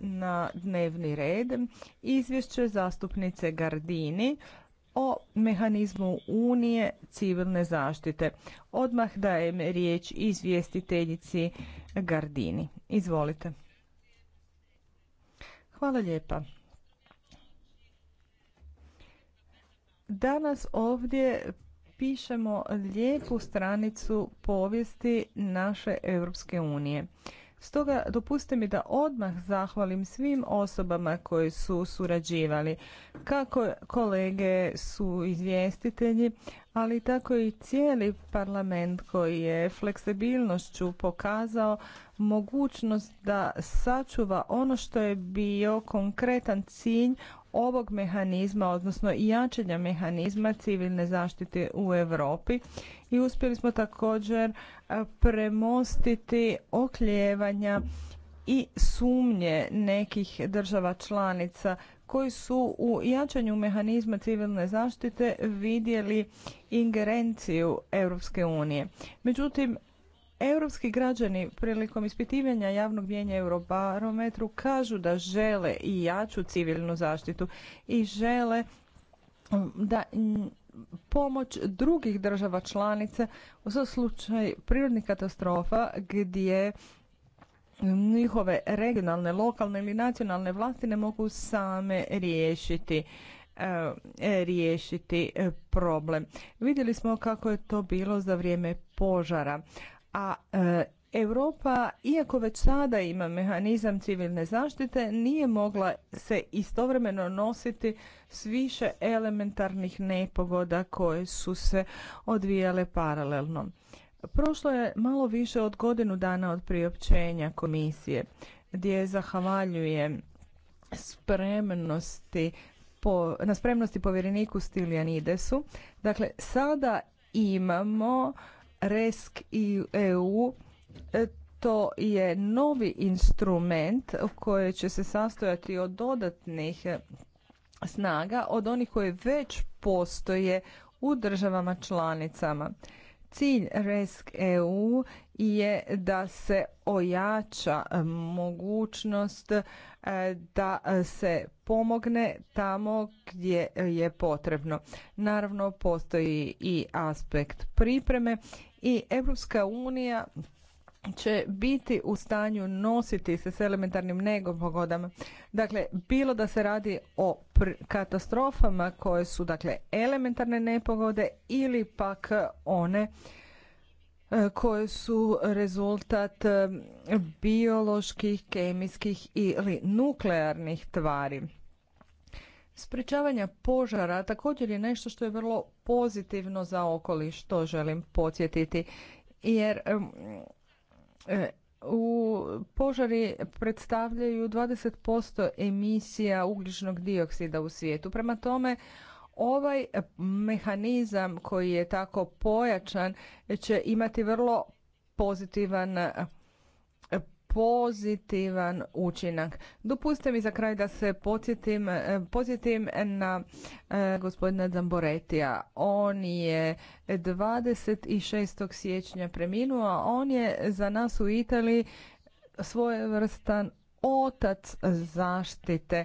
na dnevni red izvješće zastupnice Gardini o mehanizmu Unije civilne zaštite. Odmah dajem riječ izvjestiteljici Gardini. Izvolite. Hvala lijepa. Danas ovdje pišemo lijepu stranicu povijesti naše Europske unije. Stoga dopustite mi da odmah zahvalim svim osobama koji su surađivali, kako kolege su izvjestitelji, ali tako i cijeli parlament koji je fleksibilnošću pokazao mogućnost da sačuva ono što je bio konkretan cilj ovog mehanizma, odnosno jačanja mehanizma civilne zaštite u Europi i uspjeli smo također e, premostiti okljevanja i sumnje nekih država članica koji su u jačanju mehanizma civilne zaštite vidjeli ingerenciju Europske unije. Međutim, Europski građani prilikom ispitivanja javnog vijenja Eurobarometru kažu da žele i jaču civilnu zaštitu i žele mm, da mm, pomoć drugih država članica za slučaj prirodnih katastrofa gdje njihove regionalne, lokalne ili nacionalne vlasti ne mogu same riješiti eh, riješiti eh, problem. Vidjeli smo kako je to bilo za vrijeme požara. A e, Europa, iako već sada ima mehanizam civilne zaštite, nije mogla se istovremeno nositi s više elementarnih nepogoda koje su se odvijale paralelno. Prošlo je malo više od godinu dana od priopćenja komisije, gdje zahvaljuje spremnosti po, na spremnosti povjereniku Stiljanidesu. Dakle, sada imamo Resk i EU e, to je novi instrument koji će se sastojati od dodatnih snaga od onih koje već postoje u državama članicama. Cilj RESC EU je da se ojača mogućnost e, da se pomogne tamo gdje je potrebno. Naravno, postoji i aspekt pripreme i Europska unija će biti u stanju nositi se s elementarnim nepogodama. Dakle, bilo da se radi o katastrofama koje su dakle elementarne nepogode ili pak one e, koje su rezultat e, bioloških, kemijskih ili nuklearnih tvari. Sprečavanje požara također je nešto što je vrlo pozitivno za okoliš, što želim podsjetiti, jer e, u požari predstavljaju 20% emisija ugljičnog dioksida u svijetu. Prema tome, ovaj mehanizam koji je tako pojačan će imati vrlo pozitivan pozitivan učinak. Dopustite mi za kraj da se podsjetim, e, podsjetim na e, gospodina Zamboretija. On je 26. siječnja preminuo, a on je za nas u Italiji svojevrstan otac zaštite,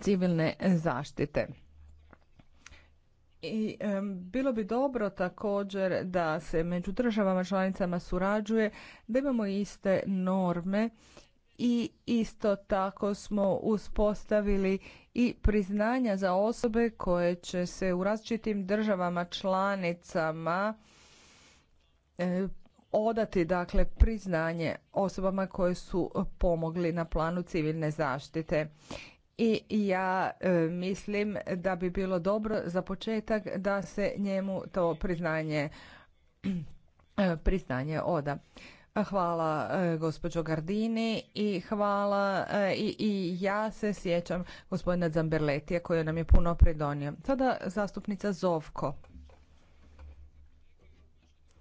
civilne zaštite. I bilo bi dobro također da se među državama članicama surađuje, da imamo iste norme i isto tako smo uspostavili i priznanja za osobe koje će se u različitim državama članicama e, odati dakle priznanje osobama koje su pomogli na planu civilne zaštite i ja e, mislim da bi bilo dobro za početak da se njemu to priznanje e, priznanje oda. Hvala e, gospođo Gardini i hvala i, ja se sjećam gospodina Zamberletija koji nam je puno pridonio. Sada zastupnica Zovko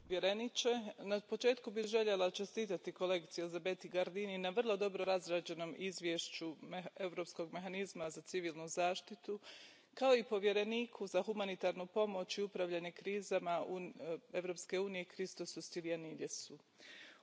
povjereniče na početku bih željela čestitati kolegici elizabeti gardini na vrlo dobro razrađenom izvješću europskog mehanizma za civilnu zaštitu kao i povjereniku za humanitarnu pomoć i upravljanje krizama europske unije christosu stylianidesu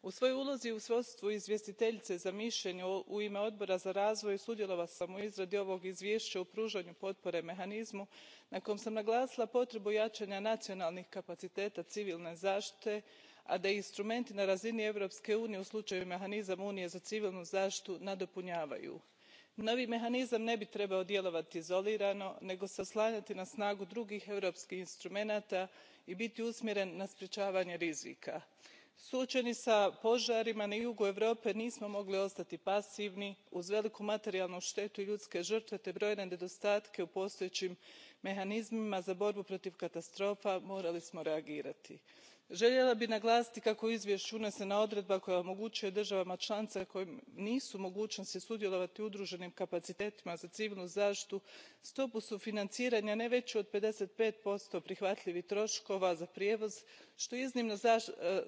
u svojoj ulozi u svojstvu izvjestiteljice za mišljenje u ime odbora za razvoj sudjelovala sam u izradi ovog izvješća u pružanju potpore mehanizmu na kojem sam naglasila potrebu jačanja nacionalnih kapaciteta civilne zaštite a da instrumenti na razini europske unije u slučaju mehanizam unije za civilnu zaštitu nadopunjavaju. novi mehanizam ne bi trebao djelovati izolirano nego se oslanjati na snagu drugih europskih instrumenata i biti usmjeren na sprječavanje rizika suoeni sa požarima na jugu europe nismo mogli ostati pasivni uz veliku materijalnu štetu i ljudske žrtve te brojne nedostatke u postojećim mehanizmima za borbu protiv katastrofa morali smo reagirati. eljela bih naglasiti kako je u na unesena odredba koja omoguuje dravama lanicama koje nisu u mogunosti sudjelovati u udruenim kapacitetima za civilnu zatitu stopu sufinanciranja ne veu od fifty five prihvatljivih trokova za prijevoz što je iznimno e,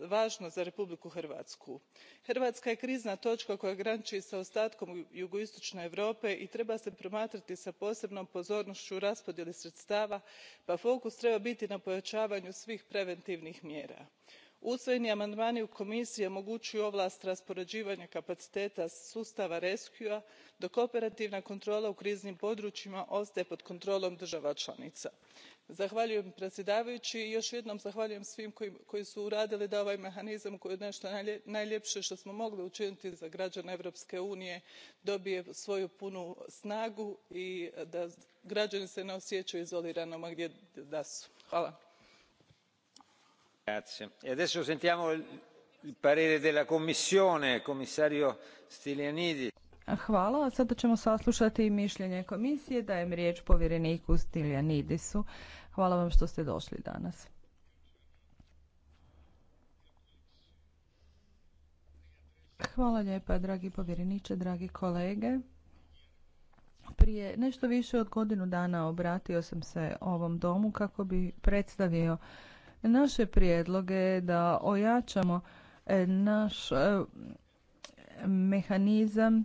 važno za republiku hrvatsku. hrvatska je krizna točka koja graniči s ostatkom jugoistočne europe i treba se promatrati s posebnom pozornošću raspodjeli sredstava pa fokus treba biti na pojačavanju svih preventivnih mjera usvojeni amandmani komisiji omoguuju ovlast rasporeivanja kapaciteta sustava rescue a dok operativna kontrola u kriznim područjima ostaje pod kontrolom drava lanica. zahvaljujem predsjedavajući i jo jednom zahvaljujem svima koji su uradili da ovaj mehanizam koji je neto najljepše to smo mogli učiniti za građane europske unije dobije svoju punu snagu i da se graani ne osjeaju ma gdje da su. Grazie. E adesso sentiamo il parere della Commissione, commissario Stylianides. Hvala. Sada ćemo saslušati mišljenje komisije. Dajem riječ povjereniku Stiljanidisu. Hvala vam što ste došli danas. Hvala lijepa, dragi povjereniče, dragi kolege. Prije nešto više od godinu dana obratio sam se ovom domu kako bi predstavio naše prijedloge da ojačamo e, naš e, mehanizam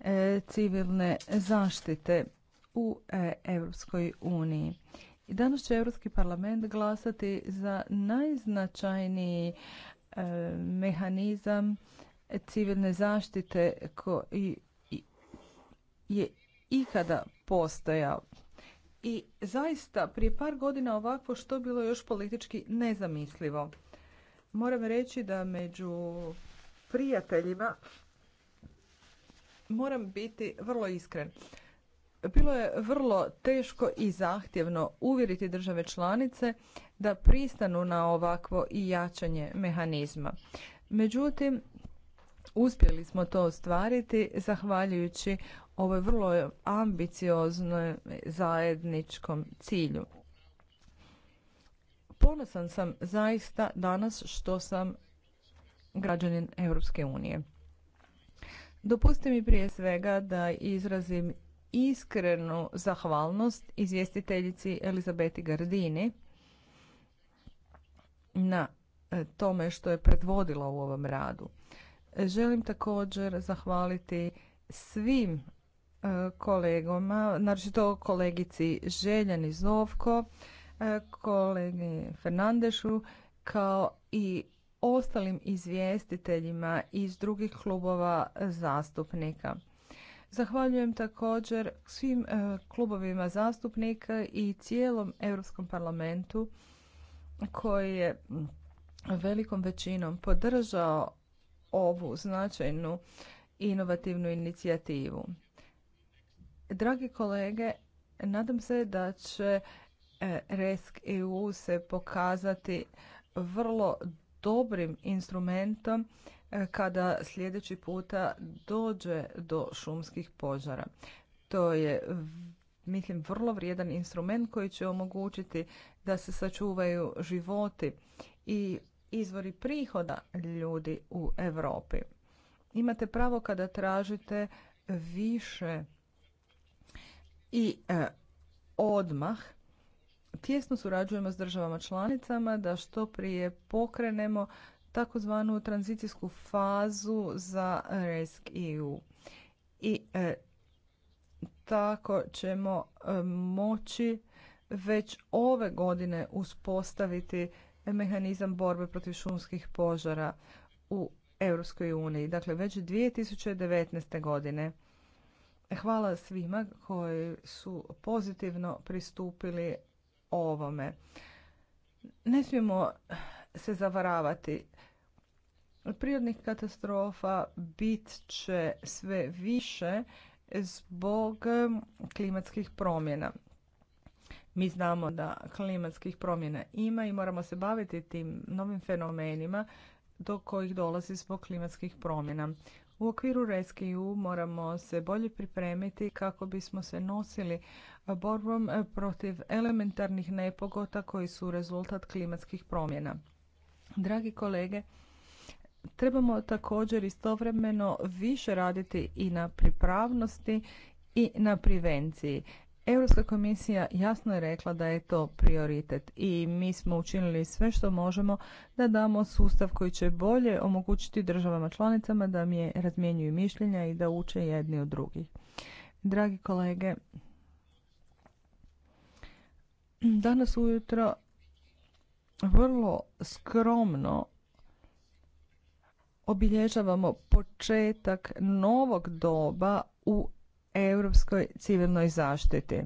e, civilne zaštite u Europskoj uniji. Danas će Europski parlament glasati za najznačajniji mehanizam civilne zaštite koji je ikada postojao. I zaista prije par godina ovakvo što bilo još politički nezamislivo. Moram reći da među prijateljima moram biti vrlo iskren. Bilo je vrlo teško i zahtjevno uvjeriti države članice da pristanu na ovakvo i jačanje mehanizma. Međutim, uspjeli smo to ostvariti zahvaljujući ovoj vrlo ambicioznoj zajedničkom cilju. Ponosan sam zaista danas što sam građanin Europske unije. Dopustite mi prije svega da izrazim iskrenu zahvalnost izvjestiteljici Elizabeti Gardini na e, tome što je predvodila u ovom radu. Želim također zahvaliti svim E, kolegama, to kolegici Željani Zovko, e, kolegi Fernandešu, kao i ostalim izvjestiteljima iz drugih klubova zastupnika. Zahvaljujem također svim e, klubovima zastupnika i cijelom Europskom parlamentu koji je velikom većinom podržao ovu značajnu inovativnu inicijativu. Dragi kolege, nadam se da će e, Resk EU se pokazati vrlo dobrim instrumentom e, kada sljedeći puta dođe do šumskih požara. To je mislim vrlo vrijedan instrument koji će omogućiti da se sačuvaju životi i izvori prihoda ljudi u Europi. Imate pravo kada tražite više i e, odmah tjesno surađujemo s državama članicama da što prije pokrenemo takozvanu tranzicijsku fazu za RESC EU. I e, tako ćemo e, moći već ove godine uspostaviti mehanizam borbe protiv šumskih požara u Europskoj uniji, dakle već 2019. godine. Hvala svima koji su pozitivno pristupili ovome. Ne smijemo se zavaravati. Prirodnih katastrofa bit će sve više zbog klimatskih promjena. Mi znamo da klimatskih promjena ima i moramo se baviti tim novim fenomenima do kojih dolazi zbog klimatskih promjena. U okviru Rescue moramo se bolje pripremiti kako bismo se nosili borbom protiv elementarnih nepogoda koji su rezultat klimatskih promjena. Dragi kolege, trebamo također istovremeno više raditi i na pripravnosti i na prevenciji. Europska komisija jasno je rekla da je to prioritet i mi smo učinili sve što možemo da damo sustav koji će bolje omogućiti državama članicama da mi razmjenjuju mišljenja i da uče jedni od drugih. Dragi kolege, danas ujutro vrlo skromno obilježavamo početak novog doba u europskoj civilnoj zaštiti.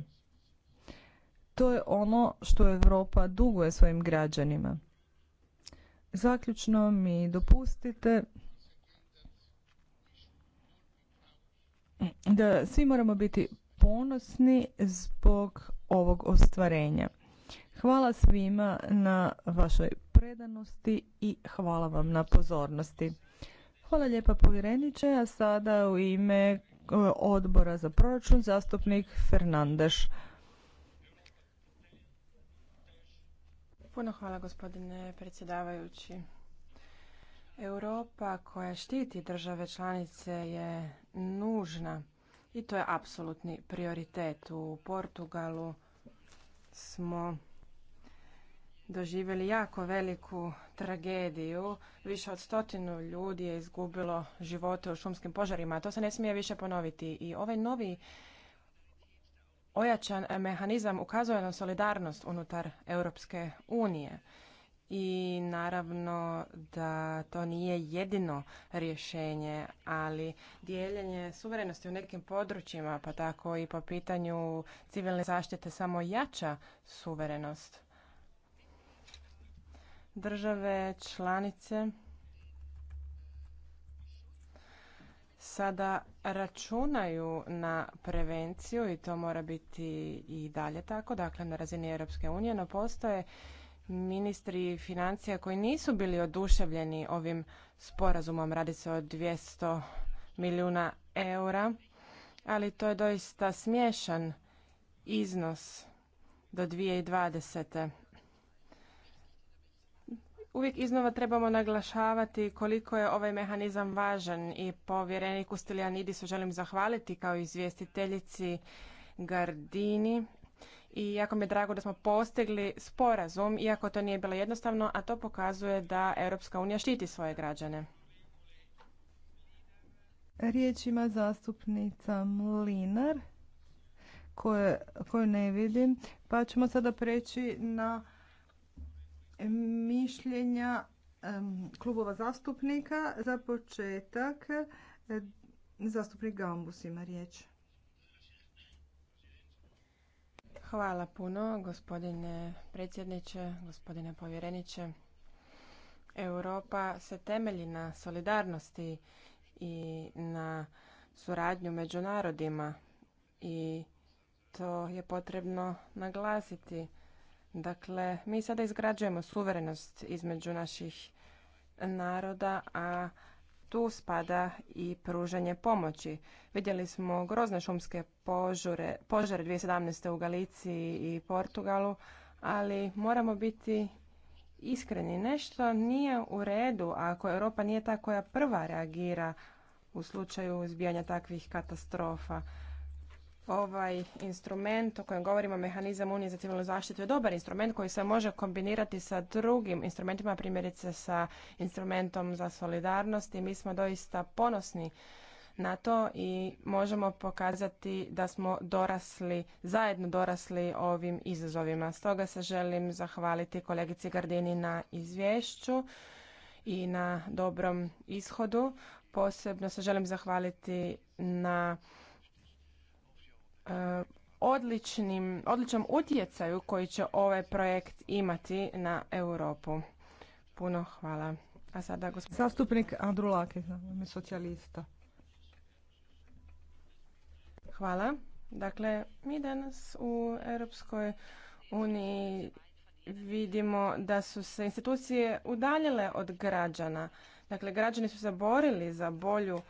To je ono što Europa duguje svojim građanima. Zaključno mi dopustite da svi moramo biti ponosni zbog ovog ostvarenja. Hvala svima na vašoj predanosti i hvala vam na pozornosti. Hvala lijepa povjereniče, a sada u ime odbora za proračun, zastupnik Fernandeš. Puno hvala gospodine predsjedavajući. Europa koja štiti države članice je nužna i to je apsolutni prioritet. U Portugalu smo doživjeli jako veliku tragediju. Više od stotinu ljudi je izgubilo živote u šumskim požarima. To se ne smije više ponoviti. I ovaj novi ojačan mehanizam ukazuje na solidarnost unutar Europske unije. I naravno da to nije jedino rješenje, ali dijeljenje suverenosti u nekim područjima, pa tako i po pitanju civilne zaštite, samo jača suverenost države članice sada računaju na prevenciju i to mora biti i dalje tako, dakle na razini Europske unije, no postoje ministri financija koji nisu bili oduševljeni ovim sporazumom. Radi se o 200 milijuna eura, ali to je doista smiješan iznos do 2020. Uvijek iznova trebamo naglašavati koliko je ovaj mehanizam važan i povjereniku Stiljanidisu želim zahvaliti kao izvjestiteljici Gardini i jako mi je drago da smo postigli sporazum, iako to nije bilo jednostavno, a to pokazuje da Europska unija štiti svoje građane. Riječ ima zastupnica Mlinar, koju ne vidim, pa ćemo sada preći na mišljenja klubova zastupnika. Za početak e, zastupnik Gambus ima riječ. Hvala puno, gospodine predsjedniče, gospodine povjereniče. Europa se temelji na solidarnosti i na suradnju među narodima i to je potrebno naglasiti Dakle, mi sada izgrađujemo suverenost između naših naroda, a tu spada i pružanje pomoći. Vidjeli smo grozne šumske požure, požare 2017. u Galiciji i Portugalu, ali moramo biti iskreni. Nešto nije u redu ako Europa nije ta koja prva reagira u slučaju izbijanja takvih katastrofa ovaj instrument o kojem govorimo, mehanizam Unije za civilnu zaštitu, je dobar instrument koji se može kombinirati sa drugim instrumentima, primjerice sa instrumentom za solidarnost i mi smo doista ponosni na to i možemo pokazati da smo dorasli, zajedno dorasli ovim izazovima. Stoga se želim zahvaliti kolegici Gardini na izvješću i na dobrom ishodu. Posebno se želim zahvaliti na E, odličnim, odličnom utjecaju koji će ovaj projekt imati na Europu. Puno hvala. A sada gospodin... Zastupnik znam, socijalista. Hvala. Dakle, mi danas u Europskoj uniji vidimo da su se institucije udaljile od građana. Dakle, građani su se borili za bolju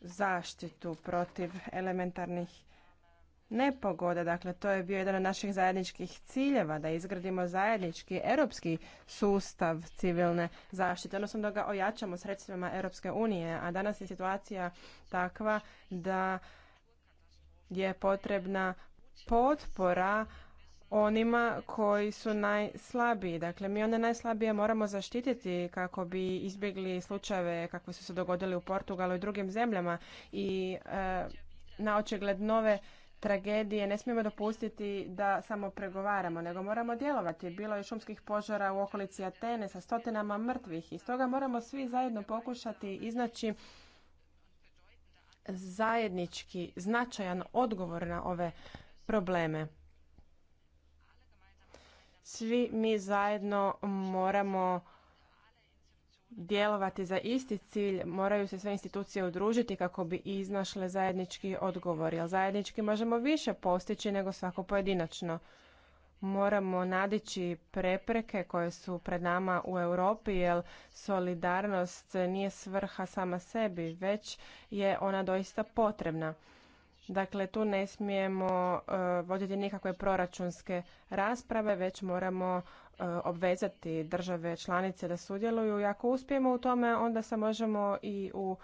zaštitu protiv elementarnih nepogoda. Dakle, to je bio jedan od naših zajedničkih ciljeva da izgradimo zajednički europski sustav civilne zaštite, odnosno da ga ojačamo sredstvima Europske unije, a danas je situacija takva da je potrebna potpora onima koji su najslabiji. Dakle, mi one najslabije moramo zaštititi kako bi izbjegli slučajeve kakve su se dogodili u Portugalu i drugim zemljama i e, na očigled nove tragedije ne smijemo dopustiti da samo pregovaramo, nego moramo djelovati. Bilo je šumskih požara u okolici Atene sa stotinama mrtvih i stoga moramo svi zajedno pokušati iznaći zajednički značajan odgovor na ove probleme. Svi mi zajedno moramo djelovati za isti cilj, moraju se sve institucije udružiti kako bi iznašle zajednički odgovor, jer zajednički možemo više postići nego svako pojedinačno. Moramo nadići prepreke koje su pred nama u Europi, jer solidarnost nije svrha sama sebi, već je ona doista potrebna. Dakle, tu ne smijemo e, voditi nikakve proračunske rasprave, već moramo E, obvezati države članice da sudjeluju i ako uspijemo u tome onda se možemo i u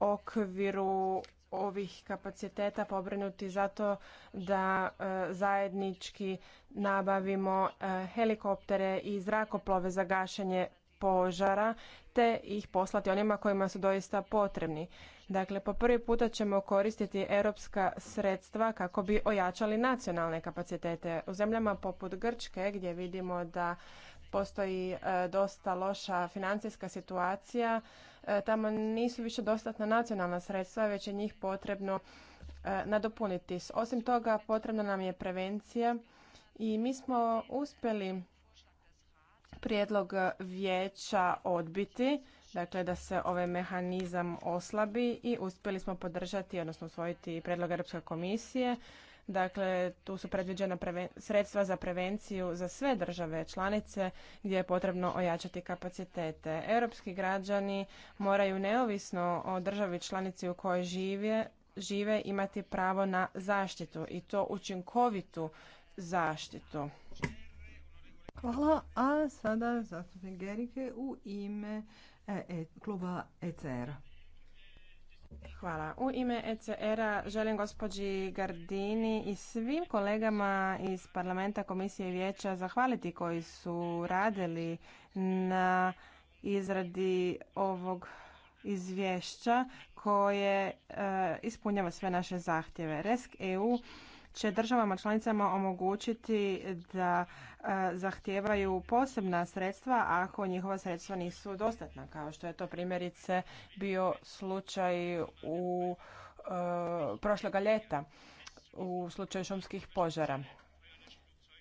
okviru ovih kapaciteta pobrinuti zato da e, zajednički nabavimo e, helikoptere i zrakoplove za gašenje požara te ih poslati onima kojima su doista potrebni. Dakle, po prvi puta ćemo koristiti europska sredstva kako bi ojačali nacionalne kapacitete. U zemljama poput Grčke, gdje vidimo da postoji e, dosta loša financijska situacija, e, tamo nisu više dostatna nacionalna sredstva, već je njih potrebno e, nadopuniti. Osim toga, potrebna nam je prevencija i mi smo uspjeli prijedlog vijeća odbiti dakle da se ovaj mehanizam oslabi i uspjeli smo podržati, odnosno usvojiti predlog Europske komisije. Dakle, tu su predviđena sredstva za prevenciju za sve države članice gdje je potrebno ojačati kapacitete. Europski građani moraju neovisno o državi članici u kojoj žive, žive imati pravo na zaštitu i to učinkovitu zaštitu. Hvala, a sada zastupnik Gerike u ime E, e, kluba ECR. Hvala. U ime ECR-a želim gospođi Gardini i svim kolegama iz parlamenta, komisije i vijeća zahvaliti koji su radili na izradi ovog izvješća koje e, ispunjava sve naše zahtjeve. Resk EU će državama članicama omogućiti da e, zahtijevaju posebna sredstva ako njihova sredstva nisu dostatna, kao što je to primjerice bio slučaj u e, prošloga ljeta u slučaju šumskih požara.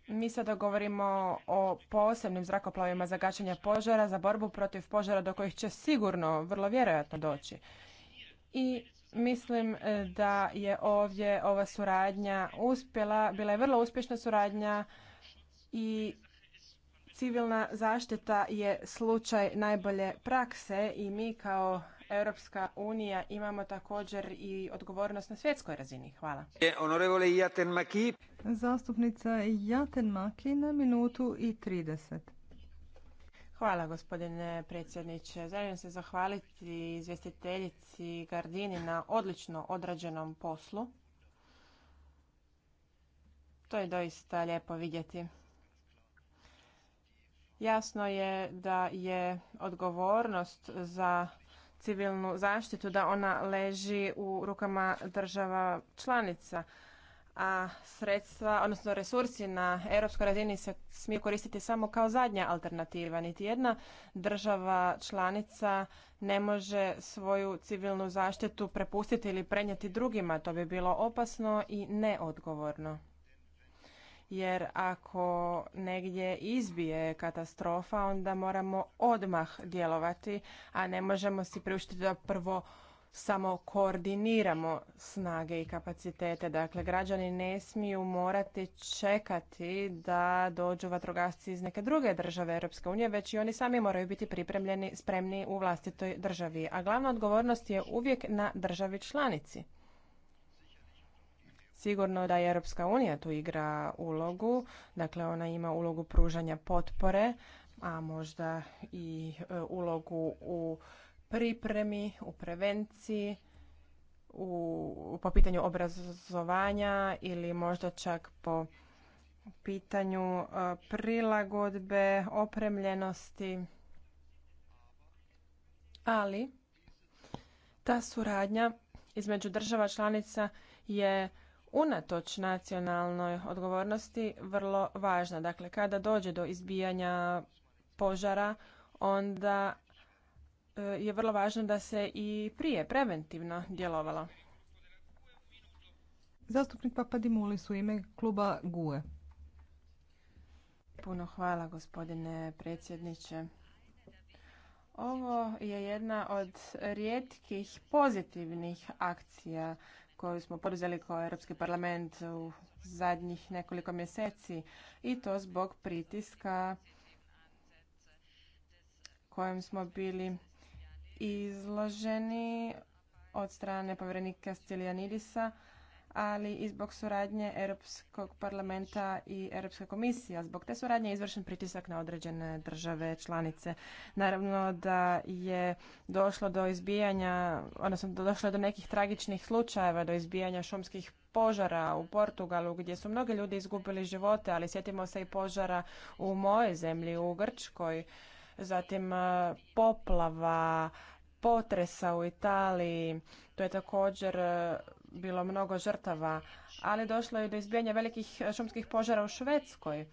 Mi sada govorimo o posebnim zrakoplovima za gašenje požara, za borbu protiv požara do kojih će sigurno, vrlo vjerojatno doći. I Mislim e, da je ovdje ova suradnja uspjela, bila je vrlo uspješna suradnja i civilna zaštita je slučaj najbolje prakse i mi kao Europska unija imamo također i odgovornost na svjetskoj razini. Hvala. Zastupnica Jaten Maki na minutu i 30. Hvala gospodine predsjedniče. Želim se zahvaliti izvjestiteljici Gardini na odlično odrađenom poslu. To je doista lijepo vidjeti. Jasno je da je odgovornost za civilnu zaštitu da ona leži u rukama država članica a sredstva, odnosno resursi na europskoj razini se smiju koristiti samo kao zadnja alternativa. Niti jedna država članica ne može svoju civilnu zaštitu prepustiti ili prenijeti drugima. To bi bilo opasno i neodgovorno. Jer ako negdje izbije katastrofa, onda moramo odmah djelovati, a ne možemo si priuštiti da prvo samo koordiniramo snage i kapacitete. Dakle, građani ne smiju morati čekati da dođu vatrogasci iz neke druge države Europske unije, već i oni sami moraju biti pripremljeni, spremni u vlastitoj državi. A glavna odgovornost je uvijek na državi članici. Sigurno da je Europska unija tu igra ulogu, dakle ona ima ulogu pružanja potpore, a možda i e, ulogu u pripremi, u prevenciji, u, po pitanju obrazovanja ili možda čak po pitanju e, prilagodbe, opremljenosti. Ali ta suradnja između država članica je unatoč nacionalnoj odgovornosti vrlo važna. Dakle, kada dođe do izbijanja požara, onda Eh, je vrlo važno da se i prije preventivno djelovalo. Zastupnik Papadimulis u ime kluba GUE. Puno hvala gospodine predsjedniče. Ovo je jedna od rijetkih pozitivnih akcija koju smo poduzeli kao Europski parlament u zadnjih nekoliko mjeseci i to zbog pritiska kojem smo bili izloženi od strane povjerenika Stilianidisa, ali i zbog suradnje Europskog parlamenta i Europske komisija. Zbog te suradnje je izvršen pritisak na određene države članice. Naravno da je došlo do izbijanja, odnosno da došlo do nekih tragičnih slučajeva, do izbijanja šumskih požara u Portugalu gdje su mnogi ljudi izgubili živote, ali sjetimo se i požara u moje zemlji, u Grčkoj zatim e, poplava, potresa u Italiji, to je također e, bilo mnogo žrtava, ali došlo je do izbijanja velikih e, šumskih požara u Švedskoj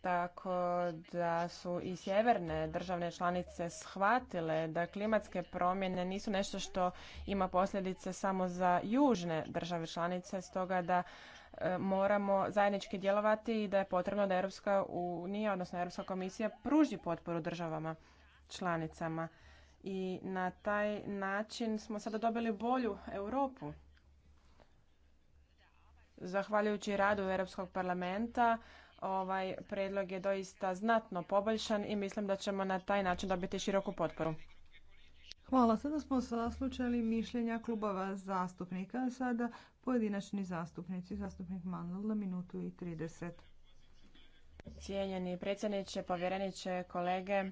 tako da su i sjeverne državne članice shvatile da klimatske promjene nisu nešto što ima posljedice samo za južne države članice, stoga da e, moramo zajednički djelovati i da je potrebno da Europska unija, odnosno Europska komisija pruži potporu državama članicama. I na taj način smo sada dobili bolju Europu. Zahvaljujući radu Europskog parlamenta, Ovaj predlog je doista znatno poboljšan i mislim da ćemo na taj način dobiti široku potporu. Hvala. Sada smo saslučali mišljenja klubova zastupnika. Sada pojedinačni zastupnici. Zastupnik Mandel na minutu i 30. Cijenjeni predsjedniče, povjereniče, kolege,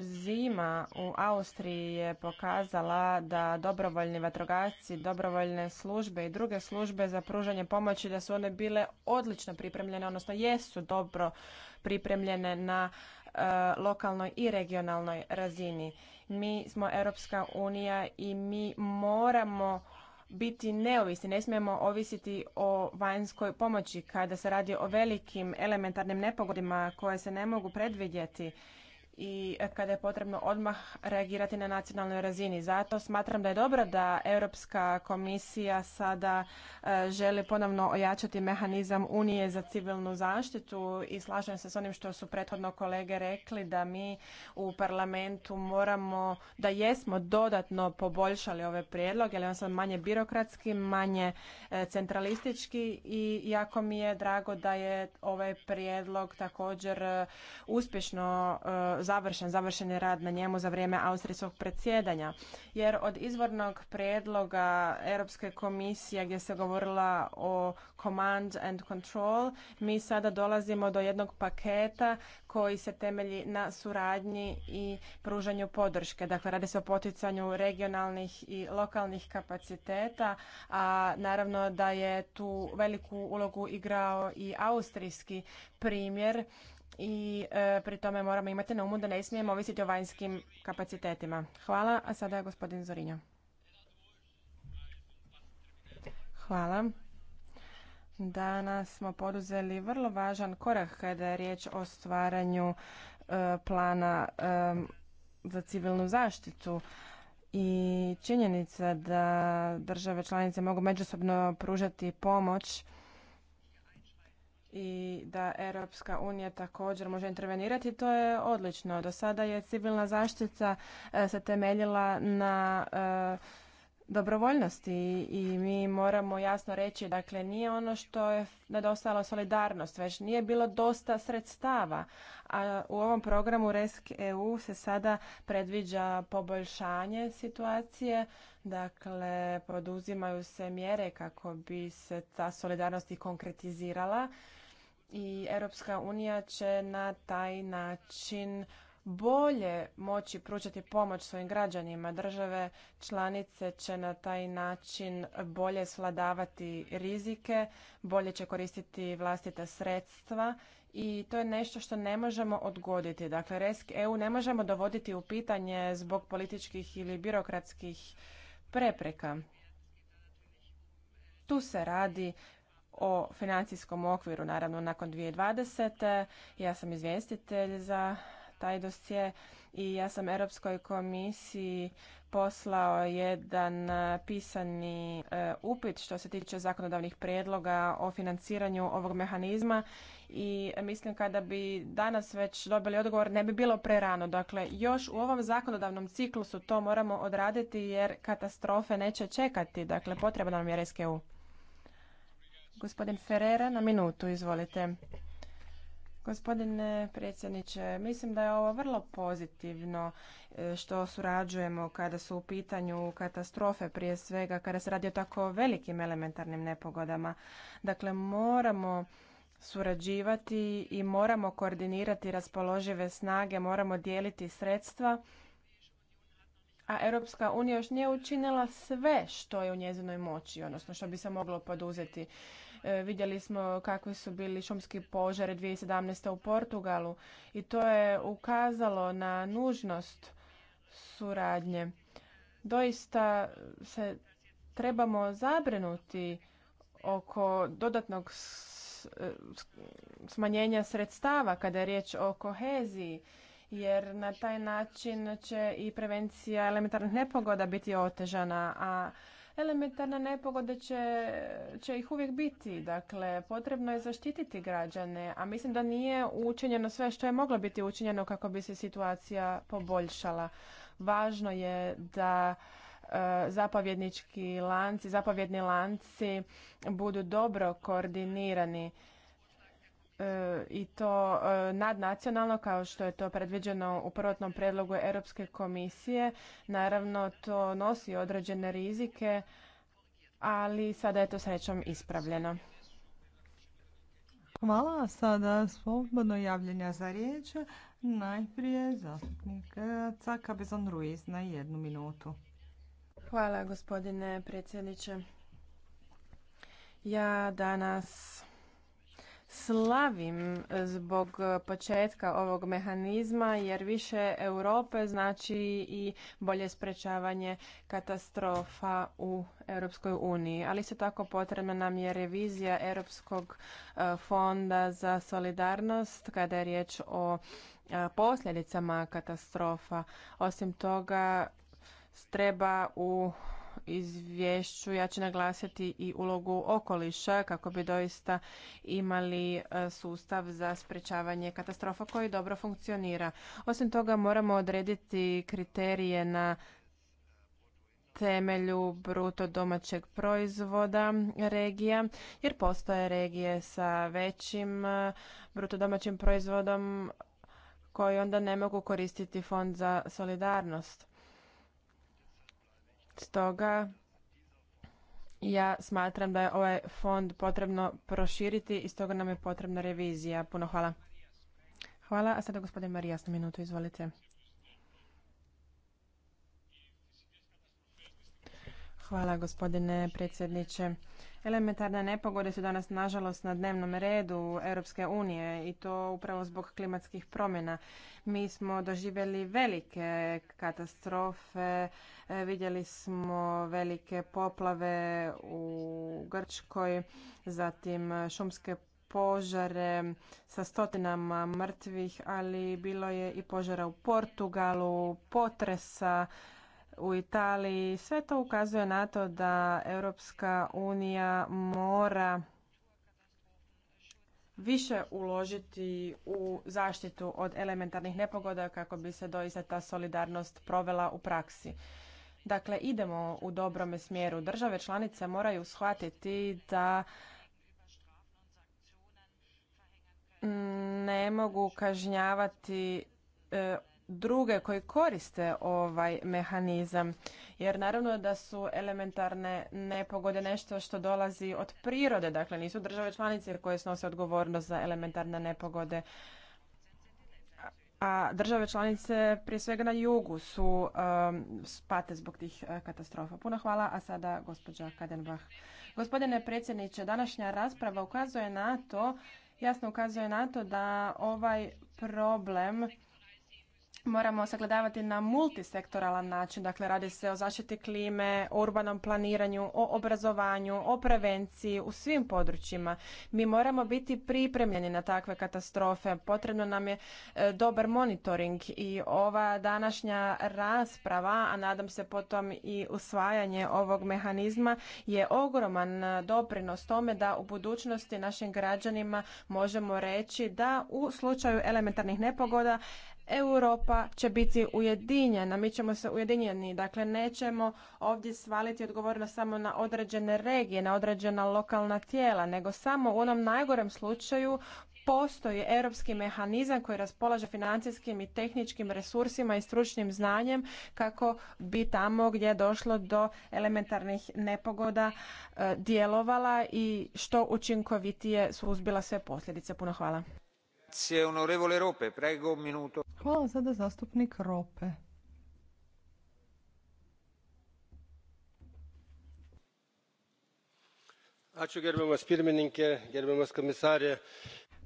Zima u Austriji je pokazala da dobrovoljni vatrogasci, dobrovoljne službe i druge službe za pružanje pomoći da su one bile odlično pripremljene, odnosno jesu dobro pripremljene na e, lokalnoj i regionalnoj razini. Mi smo Europska unija i mi moramo biti neovisni, ne smijemo ovisiti o vanjskoj pomoći kada se radi o velikim elementarnim nepogodima koje se ne mogu predvidjeti i kada je potrebno odmah reagirati na nacionalnoj razini. Zato smatram da je dobro da Europska komisija sada e, želi ponovno ojačati mehanizam Unije za civilnu zaštitu i slažem se s onim što su prethodno kolege rekli da mi u parlamentu moramo, da jesmo dodatno poboljšali ove prijedloge, ali on sam manje birokratski, manje e, centralistički i jako mi je drago da je ovaj prijedlog također e, uspješno završen, završen rad na njemu za vrijeme austrijskog predsjedanja. Jer od izvornog predloga Europske komisije gdje se govorila o command and control, mi sada dolazimo do jednog paketa koji se temelji na suradnji i pružanju podrške. Dakle, radi se o poticanju regionalnih i lokalnih kapaciteta, a naravno da je tu veliku ulogu igrao i austrijski primjer i e, pri tome moramo imati na umu da ne smijemo ovisiti o vanjskim kapacitetima. Hvala, a sada je gospodin Zorinja. Hvala. Danas smo poduzeli vrlo važan korak kada je riječ o stvaranju e, plana e, za civilnu zaštitu i činjenica da države članice mogu međusobno pružati pomoć i da Europska unija također može intervenirati, to je odlično. Do sada je civilna zaštita e, se temeljila na e, dobrovoljnosti i mi moramo jasno reći, dakle, nije ono što je nedostala solidarnost, već nije bilo dosta sredstava. A u ovom programu RESC EU se sada predviđa poboljšanje situacije, dakle, poduzimaju se mjere kako bi se ta solidarnost i konkretizirala i Europska unija će na taj način bolje moći pružati pomoć svojim građanima. Države članice će na taj način bolje sladavati rizike, bolje će koristiti vlastita sredstva i to je nešto što ne možemo odgoditi. Dakle, EU e ne možemo dovoditi u pitanje zbog političkih ili birokratskih prepreka. Tu se radi o financijskom okviru, naravno nakon 2020. Ja sam izvjestitelj za taj dosje i ja sam Europskoj komisiji poslao jedan e, pisani e, upit što se tiče zakonodavnih prijedloga o financiranju ovog mehanizma i mislim kada bi danas već dobili odgovor ne bi bilo prerano. Dakle, još u ovom zakonodavnom ciklusu to moramo odraditi jer katastrofe neće čekati. Dakle, potrebno nam je RSKU. Gospodin Ferrera na minutu, izvolite. Gospodine predsjedniče, mislim da je ovo vrlo pozitivno e, što surađujemo kada su u pitanju katastrofe prije svega, kada se radi o tako velikim elementarnim nepogodama. Dakle, moramo surađivati i moramo koordinirati raspoložive snage, moramo dijeliti sredstva, a Europska unija još nije učinila sve što je u njezinoj moći, odnosno što bi se moglo poduzeti. E, vidjeli smo kakvi su bili šumski požari 2017. u Portugalu i to je ukazalo na nužnost suradnje. Doista se trebamo zabrinuti oko dodatnog e, smanjenja sredstava kada je riječ o koheziji jer na taj način će i prevencija elementarnih nepogoda biti otežana, a Elementarna nepogoda će, će ih uvijek biti. Dakle, potrebno je zaštititi građane, a mislim da nije učinjeno sve što je moglo biti učinjeno kako bi se situacija poboljšala. Važno je da e, zapovjednički lanci, zapovjedni lanci budu dobro koordinirani E, i to e, nadnacionalno kao što je to predviđeno u prvotnom predlogu Europske komisije. Naravno to nosi određene rizike, ali sada je to srećom ispravljeno. Hvala. Sada slobodno javljenja za riječ. Najprije zastupnik e, Caka Ruiz na jednu minutu. Hvala gospodine predsjedniče. Ja danas slavim e, zbog e, početka ovog mehanizma jer više Europe znači i bolje sprečavanje katastrofa u Europskoj uniji. Ali se tako potrebna nam je revizija Europskog e, fonda za solidarnost kada je riječ o posljedicama katastrofa. Osim toga treba u izvješću ja ću naglasiti i ulogu okoliša kako bi doista imali e, sustav za sprečavanje katastrofa koji dobro funkcionira. Osim toga moramo odrediti kriterije na temelju bruto domaćeg proizvoda regija, jer postoje regije sa većim e, bruto domaćim proizvodom koji onda ne mogu koristiti fond za solidarnost. Stoga ja smatram da je ovaj fond potrebno proširiti i stoga nam je potrebna revizija. Puno hvala. Hvala, a sada gospodin Marijas na minutu, izvolite. Hvala gospodine predsjedniče. Elementarne nepogode su danas nažalost na dnevnom redu Europske unije i to upravo zbog klimatskih promjena. Mi smo doživjeli velike katastrofe, e, vidjeli smo velike poplave u Grčkoj, zatim šumske požare sa stotinama mrtvih, ali bilo je i požara u Portugalu, potresa, u Italiji. Sve to ukazuje na to da Europska unija mora više uložiti u zaštitu od elementarnih nepogoda kako bi se doista ta solidarnost provela u praksi. Dakle, idemo u dobrome smjeru. Države članice moraju shvatiti da ne mogu kažnjavati e, druge koji koriste ovaj mehanizam. Jer naravno da su elementarne nepogode nešto što dolazi od prirode, dakle nisu države članice koje snose odgovornost za elementarne nepogode. A države članice, prije svega na jugu, su um, spate zbog tih uh, katastrofa. Puno hvala, a sada gospođa Kadenbach. Gospodine predsjedniče, današnja rasprava ukazuje na to, jasno ukazuje na to da ovaj problem moramo sagledavati na multisektoralan način. Dakle, radi se o zaštiti klime, o urbanom planiranju, o obrazovanju, o prevenciji u svim područjima. Mi moramo biti pripremljeni na takve katastrofe. Potrebno nam je e, dobar monitoring i ova današnja rasprava, a nadam se potom i usvajanje ovog mehanizma, je ogroman e, doprinos tome da u budućnosti našim građanima možemo reći da u slučaju elementarnih nepogoda Europa će biti ujedinjena, mi ćemo se ujedinjeni, dakle nećemo ovdje svaliti odgovornost samo na određene regije, na određena lokalna tijela, nego samo u onom najgorem slučaju postoji europski mehanizam koji raspolaže financijskim i tehničkim resursima i stručnim znanjem kako bi tamo gdje je došlo do elementarnih nepogoda e, djelovala i što učinkovitije suzbila sve posljedice. Puno hvala. Hvala sada zastupnik Rope.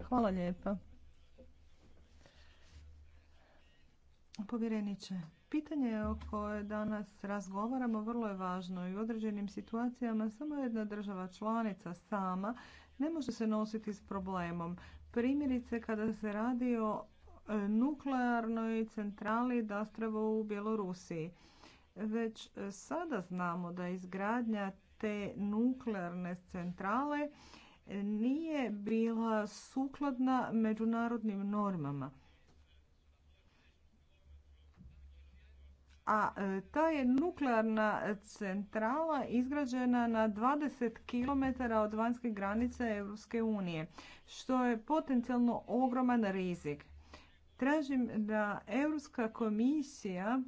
Hvala lijepa. Povjereniče, pitanje o koje danas razgovaramo vrlo je važno i u određenim situacijama samo jedna država članica sama ne može se nositi s problemom. Primjerice kada se radi o e, nuklearnoj centrali Dastrovo u Bjelorusiji. Već e, sada znamo da izgradnja te nuklearne centrale e, nije bila sukladna međunarodnim normama a e, ta je nuklearna centrala izgrađena na 20 km od vanjske granice Europske unije, što je potencijalno ogroman rizik. Tražim da Europska komisija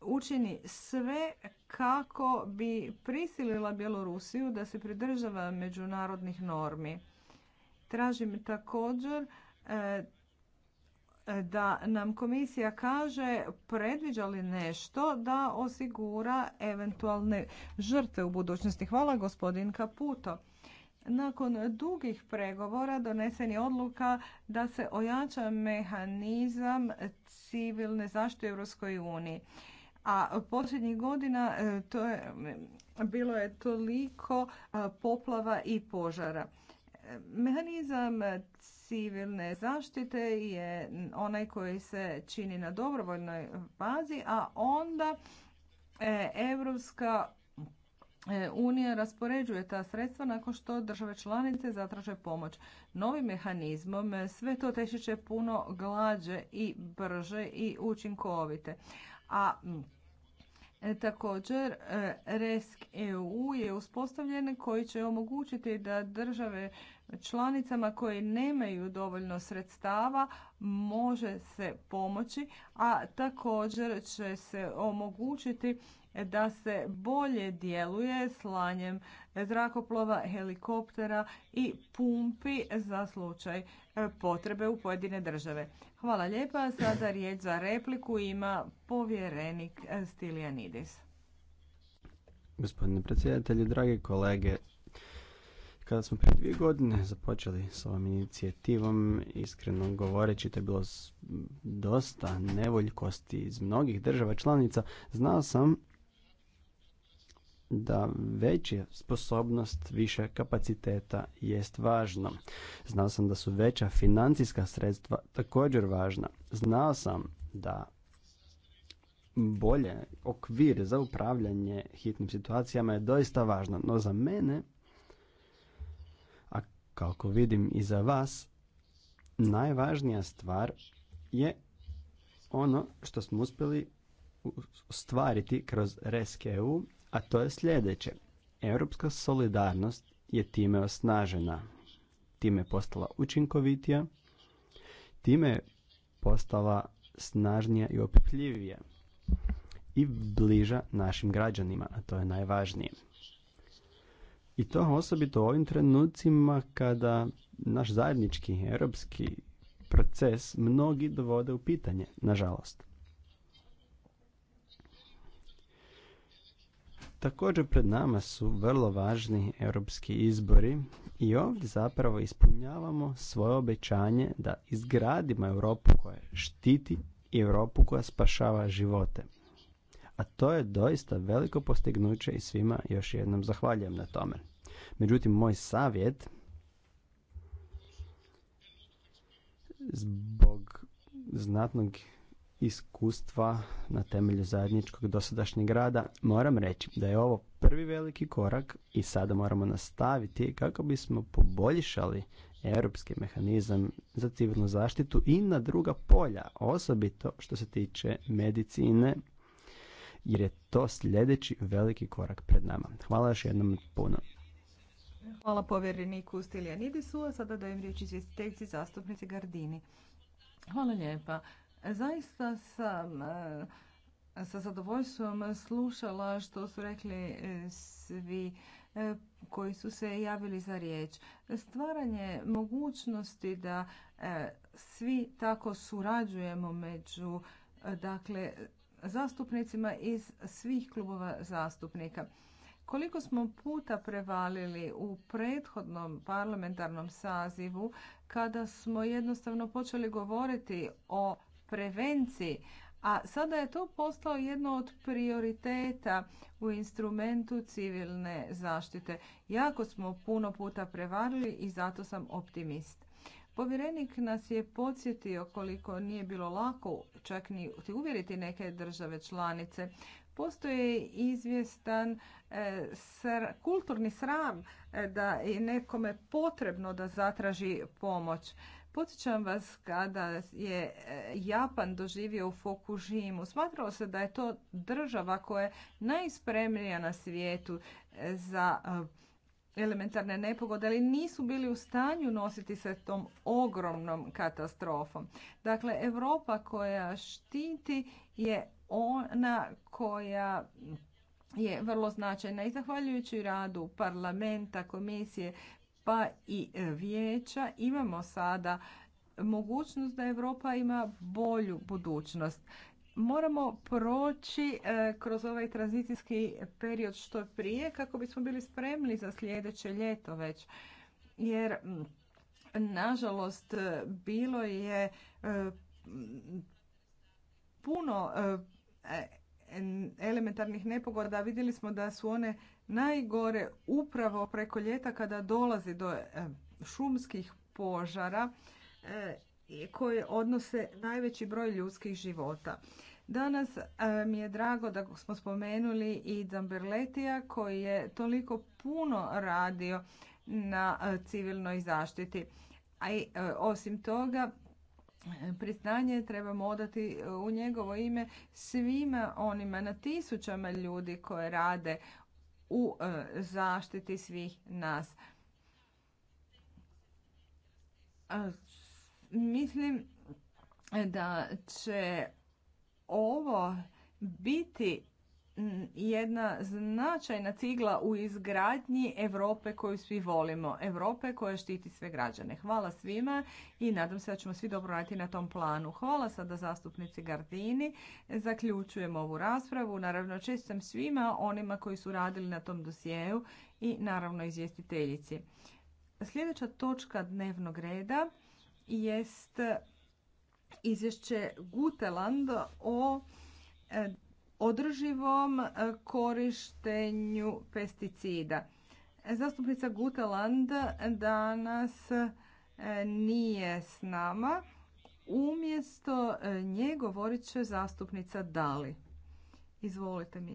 učini sve kako bi prisilila Bjelorusiju da se pridržava međunarodnih normi. Tražim također e, da nam komisija kaže predviđa li nešto da osigura eventualne žrtve u budućnosti. Hvala gospodin Kaputo. Nakon dugih pregovora donesen je odluka da se ojača mehanizam civilne zaštite u EU. A posljednjih godina e, to je, bilo je toliko poplava i požara. E, mehanizam civilne zaštite je onaj koji se čini na dobrovoljnoj bazi, a onda e, Evropska e, Unija raspoređuje ta sredstva nakon što države članice zatraže pomoć. Novim mehanizmom sve to teći će puno glađe i brže i učinkovite. A e, Također, Resk EU je uspostavljen koji će omogućiti da države članicama koje nemaju dovoljno sredstava može se pomoći, a također će se omogućiti da se bolje djeluje slanjem zrakoplova, helikoptera i pumpi za slučaj e, potrebe u pojedine države. Hvala lijepa. Sada riječ za repliku ima povjerenik e, Stilianidis. Gospodine predsjedatelji, drage kolege, kada smo prije dvije godine započeli s ovom inicijativom, iskreno govoreći, to je bilo dosta nevoljkosti iz mnogih država članica, znao sam da veća sposobnost, više kapaciteta jest važno. Znao sam da su veća financijska sredstva također važna. Znao sam da bolje okvir za upravljanje hitnim situacijama je doista važno, no za mene kako dakle, vidim i za vas, najvažnija stvar je ono što smo uspjeli ostvariti kroz RESC-EU, a to je sljedeće. Europska solidarnost je time osnažena, time je postala učinkovitija, time je postala snažnija i opipljivija i bliža našim građanima, a to je najvažnije. I to osobito u ovim trenucima kada naš zajednički europski proces mnogi dovode u pitanje, nažalost. Također pred nama su vrlo važni europski izbori i ovdje zapravo ispunjavamo svoje obećanje da izgradimo Europu koja štiti i Europu koja spašava živote. A to je doista veliko postignuće i svima još jednom zahvaljujem na tome. Međutim, moj savjet zbog znatnog iskustva na temelju zajedničkog dosadašnjeg rada, moram reći da je ovo prvi veliki korak i sada moramo nastaviti kako bismo poboljšali europski mehanizam za civilnu zaštitu i na druga polja, osobito što se tiče medicine, jer je to sljedeći veliki korak pred nama. Hvala još jednom puno. Hvala povjereniku Stiljanidisu, a sada dajem riječ izvjestiteljici zastupnici Gardini. Hvala lijepa. Zaista sam e, sa zadovoljstvom slušala što su rekli e, svi e, koji su se javili za riječ. Stvaranje mogućnosti da svi tako surađujemo među dakle, zastupnicima iz svih klubova zastupnika. Koliko smo puta prevalili u prethodnom parlamentarnom sazivu kada smo jednostavno počeli govoriti o prevenciji, a sada je to postao jedno od prioriteta u instrumentu civilne zaštite. Jako smo puno puta prevarili i zato sam optimist. Povjerenik nas je podsjetio koliko nije bilo lako čak ni uvjeriti neke države članice Postoji izvjestan e, kulturni sram e, da je nekome potrebno da zatraži pomoć. Podsjećam vas kada je e, Japan doživio u Fukushimu. Smatralo se da je to država koja je najspremnija na svijetu za elementarne nepogode, ali nisu bili u stanju nositi se tom ogromnom katastrofom. Dakle, Europa koja štiti je ona koja je vrlo značajna i zahvaljujući radu parlamenta, komisije pa i e, vijeća imamo sada mogućnost da Europa ima bolju budućnost. Moramo proći e, kroz ovaj tranzicijski period što prije kako bismo bili spremni za sljedeće ljeto već. Jer nažalost e, bilo je puno E, elementarnih nepogoda vidjeli smo da su one najgore upravo preko ljeta kada dolazi do e, šumskih požara e, koje odnose najveći broj ljudskih života. Danas mi je drago da smo spomenuli i Zamberletija koji je toliko puno radio na civilnoj zaštiti. A osim toga, priznanje trebamo odati u njegovo ime svima onima na tisućama ljudi koje rade u e, zaštiti svih nas. Mislim da će ovo biti jedna značajna cigla u izgradnji Europe koju svi volimo, Europe koja štiti sve građane. Hvala svima i nadam se da ćemo svi dobro raditi na tom planu. Hvala sada zastupnici Gardini. Zaključujemo ovu raspravu. Naravno, čestam svima onima koji su radili na tom dosjeu i naravno izvjestiteljici. Sljedeća točka dnevnog reda jest izvješće Guteland o e, održivom e, korištenju pesticida. Zastupnica Gutaland danas e, nije s nama. Umjesto e, nje govorit će zastupnica Dali. Izvolite mi.